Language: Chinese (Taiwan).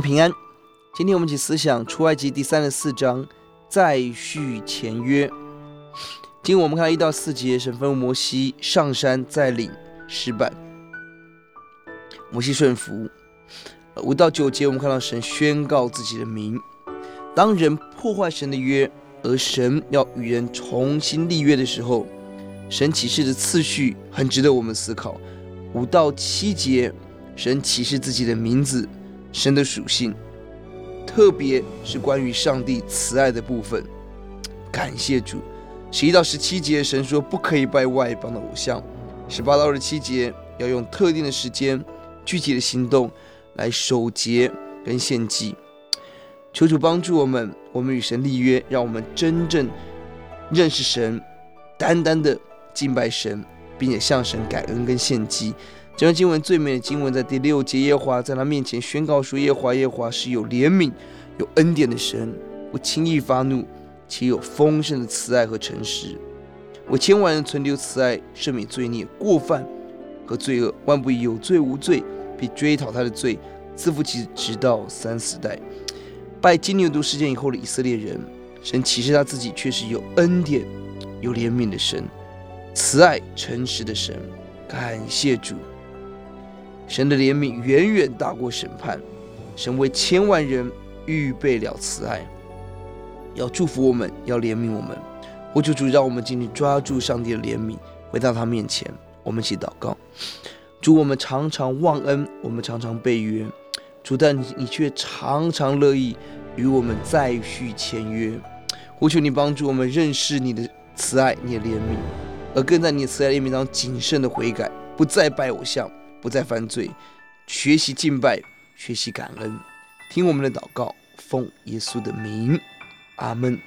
平安，今天我們一起思想出埃及第三十四章，再續前約。今天我們看到一到四節，神吩咐摩西上山再領石版，摩西順服。五到九節，我們看到神宣告自己的名。當人破壞神的約，而神要與人重新立約的時候，神啟示的次序很值得我們思考。五到七節，神啟示自己的名字。神的屬性，特別是關於上帝慈愛的部分，感謝主。十一到十七節，神說不可以拜外邦的偶像。十八到二十七節，要用特定的時間、具體的行動來守節跟獻祭。求主幫助我們，我們與神立約，讓我們真正認識神，單單的敬拜神，並且向神感恩跟獻祭。這段經文最美的經文在第六節，耶和華在他面前宣告說：“耶和華，耶和華是有憐憫、有恩典的神，不輕易發怒，且有豐盛的慈愛和誠實。為千萬人存留慈愛，赦免罪孽、過犯和罪惡。萬不以有罪無罪，必追討他的罪，自父及子直到三四代。”拜金牛犢事件以後的以色列人，神啟示他自己卻是有恩典、有憐憫的神，慈愛、誠實的神。感謝主。神的憐憫遠遠大過審判，神為千萬人預備了慈愛，要祝福我們，要憐憫我們。我求主讓我們盡力抓住上帝的憐憫，回到他面前。我們一起禱告，主，我們常常忘恩，我們常常背約，主，但你卻常常樂意與我們再續前約。我求你幫助我們認識你的慈愛、你的憐憫，而更在你的慈愛、憐憫當中謹慎的悔改，不再拜偶像。不再犯罪，學習敬拜，學習感恩，聽我們的禱告，奉耶穌的名，阿門。